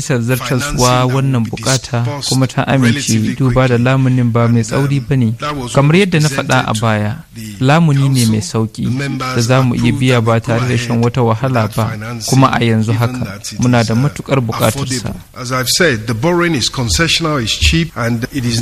bisa zartar wannan bukata kuma ta amince duba da lamunin ba mai um, tsauri ba ne kamar yadda na faɗa a baya lamuni ne mai sauki da za mu iya biya ba tare da shan wata wahala ba kuma a yanzu haka muna da uh, matukar bukatarsa. As I've the borrowing is concessional, and it is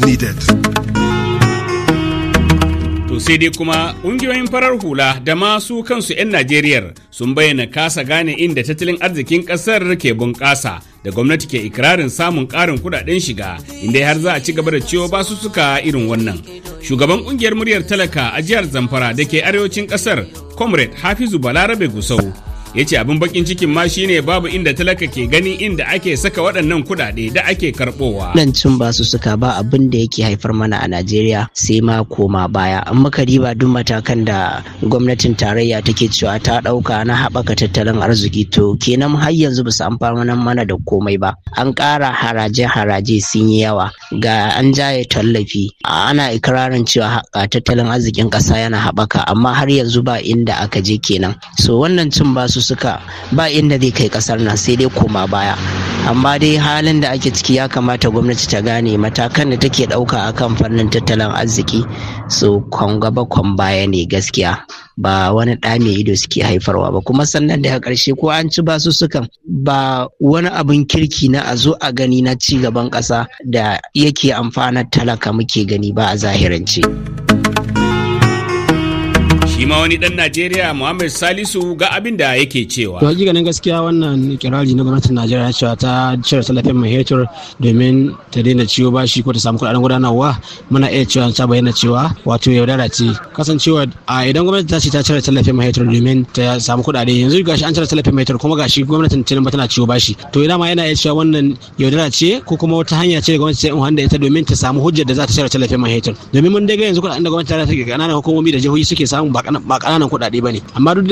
sai dai kuma ƙungiyoyin farar hula da masu kansu 'yan Najeriya sun bayyana kasa gane inda tattalin arzikin ƙasar ke bunƙasa da gwamnati ke ikirarin samun ƙarin kuɗaɗen shiga inda har za a ci gaba da ciwo basu suka irin wannan. Shugaban ƙungiyar muryar talaka a jihar Zamfara da ke arewacin ƙasar Comrade Hafizu Balarabe Gusau ya ce abin bakin cikin ma shine babu inda talaka ke gani inda ake saka waɗannan kuɗaɗe da ake karɓowa. nan cin basu suka ba abin da yake haifar mana a najeriya sai ma koma baya an muka riba duk matakan da gwamnatin tarayya take cewa ta ɗauka na haɓaka tattalin arziki to kenan har yanzu ba su amfana mana da komai ba an ƙara haraje-haraje sun yi yawa ga an jaye tallafi ana ikirarin cewa tattalin arzikin ƙasa yana haɓaka amma har yanzu ba inda aka je kenan so wannan cin basu suka ba inda zai kai kasar nan sai dai koma baya amma dai halin da ake ciki ya kamata gwamnati ta gane matakan da take ɗauka akan fannin tattalin arziki su kwan gaba kwan baya ne gaskiya ba wani ɗa mai ido suke haifarwa ba kuma sannan daga ƙarshe ko an ci basu sukan ba wani abin kirki na a zo a gani na ci gaban ƙasa da yake amfanar talaka muke gani ba a zahirance. shi ma wani dan najeriya muhammad salisu ga abin da yake cewa to ganin gaskiya wannan kirari na gwamnatin najeriya cewa ta cire salafin mahetur domin ta daina ciwo bashi ko ta samu kudaden gudanarwa muna iya cewa ta bayyana cewa wato yaudara ce kasancewa a idan gwamnati ta ce ta cire salafin mahetur domin ta samu kudade yanzu gashi an cire salafin mahetur kuma gashi gwamnatin ba tana ciwo bashi to idan ma yana iya cewa wannan yaudara ce ko kuma wata hanya ce gwamnati ta yi ita domin ta samu hujjar da za ta cire salafin mahetur domin mun daga yanzu kudaden da gwamnati ta rage kananan hukumomi da jihohi suke samu ba ba ƙananan kuɗaɗe ba ne amma duk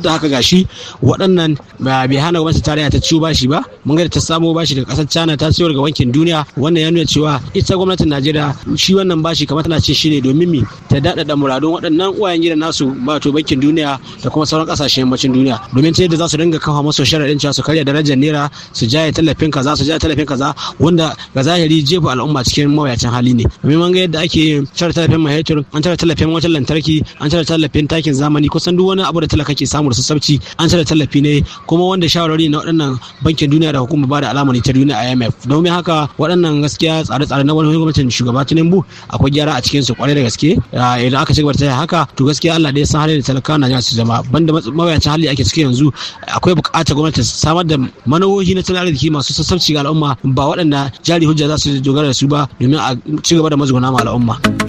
da haka gashi waɗannan bai hana gwamnati tarayya ta ciwo bashi ba mun ga ta samo bashi daga ƙasar China ta siyo daga bankin duniya wannan ya nuna cewa ita gwamnatin Najeriya shi wannan bashi kamar tana ce shine domin mi ta daɗaɗa muradun waɗannan uwayen gidan nasu ba to bankin duniya da kuma sauran ƙasashen yammacin duniya domin ta yadda za su dinga kafa masu sharaɗin cewa su karya darajar naira su jaye tallafin kaza su jaye tallafin kaza wanda ga zahiri jefa al'umma cikin mawuyacin hali ne domin mun ga yadda ake yin tallafin mahetur an tara tallafin wutar lantarki an tara tallafin takin zamani kusan duk wani abu da talaka ke samu da sassabci an da tallafi ne kuma wanda shawarwari na waɗannan bankin duniya da hukumar ba da alamar ta duniya IMF domin haka waɗannan gaskiya tsare-tsare na wani gwamnatin shugaba Tinubu akwai gyara a cikin su kwarai da gaske idan aka ci gaba da haka to gaskiya Allah dai san halin da talaka na su zama banda mawuyacin hali ake ciki yanzu akwai bukatar gwamnati samar da manohohi na tattalin arziki masu sassabci ga al'umma ba waɗanda jari hujja za su dogara da su ba domin a ci gaba da mazuguna ma al'umma.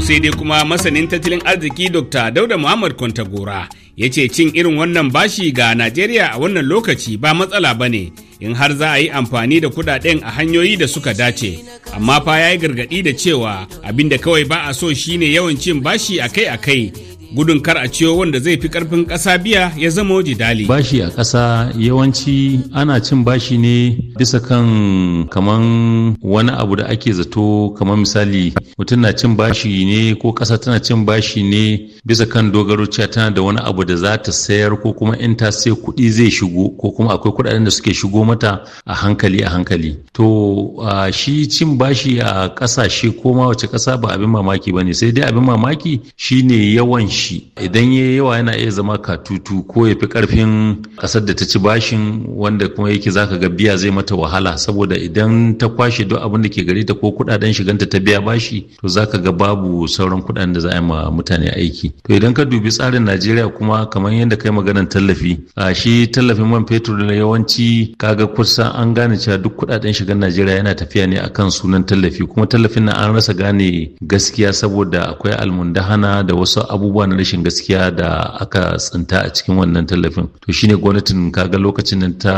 sai dai kuma masanin tattalin arziki Dr. Dauda Muhammad Kwantagora ya ce cin irin wannan bashi ga Najeriya a wannan lokaci ba matsala ba ne in har za a yi amfani da kudaden a hanyoyi da suka dace. Amma fa ya yi gargaɗi da cewa abin da kawai ba a so shine yawan cin bashi akai-akai gudun kar a ciyo wanda zai fi karfin ƙasa biya ya zama jidali. Bashi a ƙasa yawanci ana cin bashi ne bisa kan kaman wani abu da ake zato kamar misali mutum na cin bashi ne ko ƙasa tana cin bashi ne bisa kan dogaro tana da wani abu da za ta sayar ko kuma in ta sai kuɗi zai shigo ko kuma akwai kuɗaɗen da suke shigo mata a hankali a hankali. To shi cin bashi a ƙasashe ko ma wace ƙasa ba abin mamaki ba ne sai dai abin mamaki shine yawan shi idan ya yi yawa yana iya zama katutu ko ya fi karfin kasar da ta ci bashin wanda kuma yake zaka ga biya zai mata wahala saboda idan ta kwashe duk abin da ke gare ta ko kudaden shiganta ta biya bashi to zaka ga babu sauran kudaden da za a yi ma mutane aiki to idan ka dubi tsarin Najeriya kuma kamar yadda kai maganar tallafi a shi tallafin man fetur da yawanci kaga kusa an gane cewa duk kudaden shigan Najeriya yana tafiya ne akan sunan tallafi kuma tallafin nan an rasa gane gaskiya saboda akwai almundahana da wasu abubuwan na rashin gaskiya da aka tsinta a cikin wannan tallafin to shine gwamnatin kaga lokacin nan ta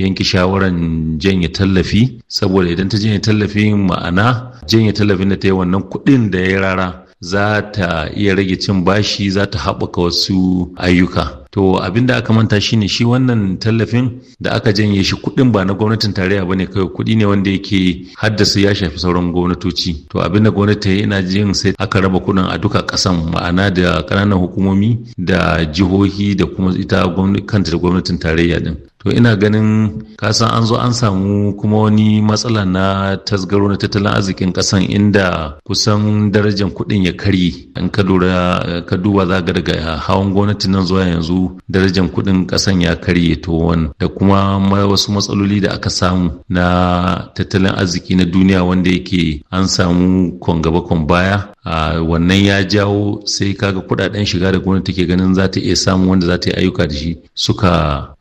yanke shawaran janye tallafi saboda idan ta janye tallafin ma'ana janye tallafin da ta yi wannan kuɗin da ya rara za ta iya rage cin bashi za ta haɓaka wasu ayyuka to abin da aka manta shine shi wannan tallafin da aka janye shi kuɗin ba na gwamnatin tarayya bane kai kuɗi ne wanda yake haddasa ya shafi sauran gwamnatoci to abin da gwamnati ina jin sai aka raba kuɗin a duka kasan ma'ana da kananan hukumomi da jihohi da kuma ita kanta da gwamnatin tarayya din to ina ganin kasan an zo an samu kuma wani matsala na tasgaro na tattalin arzikin kasan inda kusan darajar kuɗin ya karye an ka lura ka duba za ga daga hawan gwamnati nan zuwa yanzu darajar kuɗin kasan ya karye to wani da kuma wasu matsaloli da aka samu na tattalin arziki na duniya wanda yake an samu kon gaba kon baya a wannan ya jawo sai kaga kudaden shiga da gwamnati ke ganin za ta iya samu wanda za ta yi ayyuka da shi suka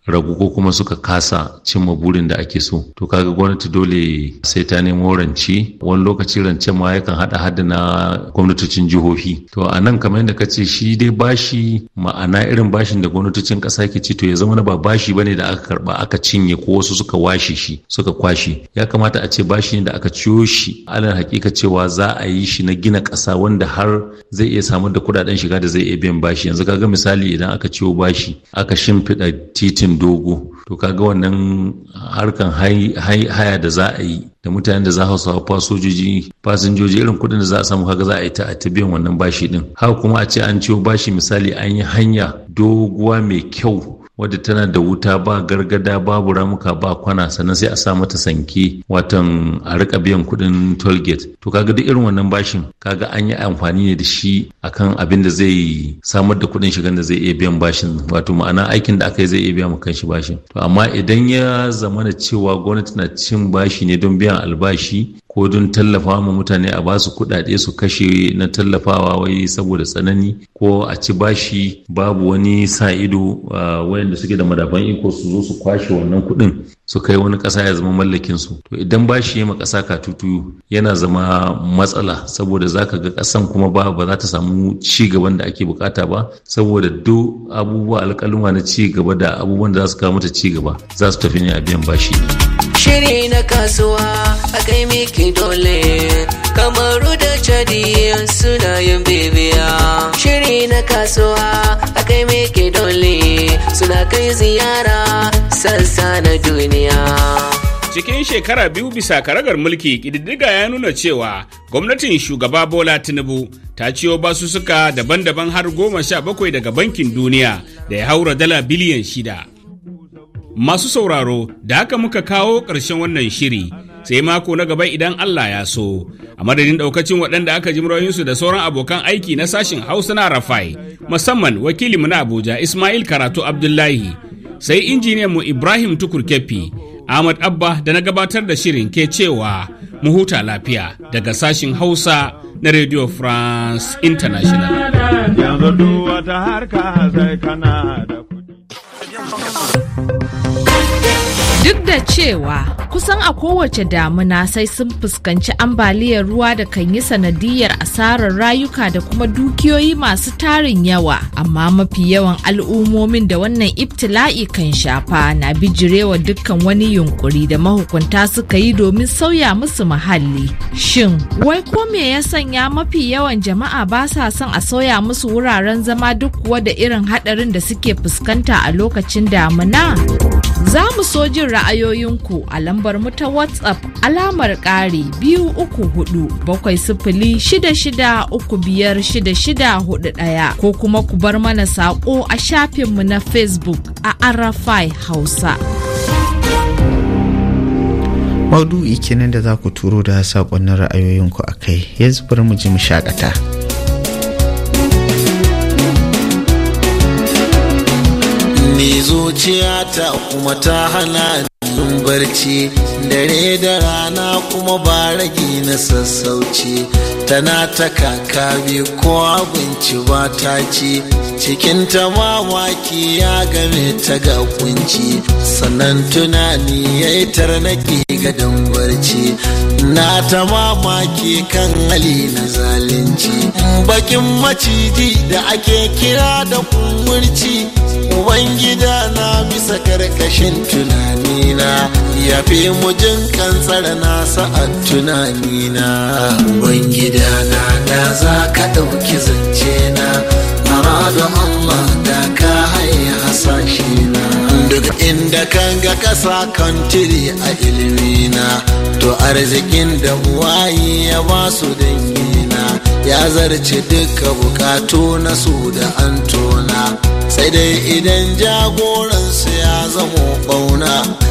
ragu ko kuma suka kasa cimma burin da ake so to kaga gwamnati dole sai ta nemo rance wani lokaci rance ma yakan hada hada na gwamnatocin jihohi to a nan kamar yadda ce shi dai bashi ma'ana irin bashin da gwamnatocin kasa ke ci to ya zama ba bashi bane da aka karba aka cinye ko wasu suka washe shi suka kwashe ya kamata a ce bashi ne da aka ciyo shi alal hakika cewa za a yi shi na gina kasa wanda har zai iya samar da kudaden shiga da zai iya biyan bashi yanzu kaga misali idan aka ciyo bashi aka shimfiɗa titin dogo to kaga wannan harkan haya da za a yi da mutanen da za a hausawa fasojoji fasinjoji irin kudin da za a samu kaga za a yi ta biyan wannan bashi din haka kuma a ce an ciwo bashi misali an yi hanya doguwa mai kyau wadda tana da wuta ba gargada babu ramuka ba kwana sannan sai a sa mata sanke watan a rika biyan kuɗin toll gate to kaga duk irin wannan bashin kaga an yi amfani ne da shi akan abin da zai samar da kuɗin shigan da zai iya biyan bashin wato ma'ana aikin da aka yi zai iya biya kan shi bashin to amma idan ya zamana cewa gwamnati na cin bashi ne don biyan albashi ko don tallafa wa mutane a basu kuɗaɗe su kashe na tallafawa wai saboda tsanani ko a ci bashi babu wani sa ido wayanda suke da madafan iko su zo su kwashe wannan kuɗin su kai wani kasa ya zama mallakin su to idan bashi ya ma ƙasa katutu yana zama matsala saboda zaka ga kasan kuma ba ba za ta samu ci gaban da ake bukata ba saboda duk abubuwa alƙaluma na ci gaba da abubuwan da za su kawo mata ci gaba za su tafi ne a biyan bashi ne. shiri na kasuwa a kai miki dole kamaru da chadi suna yin bibiya shiri na kasuwa a kai miki dole suna kai ziyara sassa na duniya cikin shekara biyu bisa karagar mulki kididdiga ya nuna cewa gwamnatin shugaba bola tinubu ta ciyo basussuka daban-daban har goma sha bakwai daga bankin duniya da ya haura dala biliyan shida Masu sauraro, da haka muka kawo ƙarshen wannan shiri, sai mako na gaba idan Allah ya so. A madadin ɗaukacin waɗanda aka ji murayunsu da sauran abokan aiki na sashin Hausa na Rafai, musamman wakilinmu na Abuja Ismail Karatu Abdullahi, sai injiniyan mu Ibrahim Tukur Kepi, Ahmad Abba da na gabatar da shirin ke cewa mu huta lafiya daga sashin Hausa na Radio France International. Duk da cewa kusan a kowace damuna sai sun fuskanci ambaliyar ruwa da kan yi sanadiyar asarar rayuka da kuma dukiyoyi masu tarin yawa, amma mafi yawan al'ummomin da wannan ibtila'i kan shafa na bijirewa dukkan wani yunkuri da mahukunta suka yi domin sauya musu muhalli. Shin, wai ko me ya sanya mafi yawan jama'a ba sa son a sauya musu wuraren zama duk kuwa da irin haɗarin da suke fuskanta a lokacin damuna? Za mu so jin ra'ayoyinku a lambar mu ta WhatsApp alamar kare biyu uku hudu bakwai sifili shida shida uku biyar shida shida hudu ɗaya ko kuma ku bar mana saƙo a shafinmu na Facebook a Arafai Hausa. Maudu'i kenan da za ku turo da saƙonnin ra'ayoyinku a kai, yanzu bari mu ji mu shakata. ne zuciya ta kuma ta hana nun barci dare da rana kuma ba rage na sassauci tana ta kakabe ko abinci ba ta ci cikin ta mamaki ya game ta ga kunci sannan tunani ya yi tarnaki gadon barci na ta mamaki kan hali na zalunci bakin maciji da ake kira da kumurci ubangida na bisa karkashin tunanina ya fi mujin kansar nasa a tunanina ubangida na da za ka ɗauki zance na da Allah da ka haye hasashe kan ga ƙasa kantiri a ilimina to arzikin da uwayi ya ba su dangina ya zarce duka bukatu na su da antona sai dai idan jagoransu ya zamo ɓauna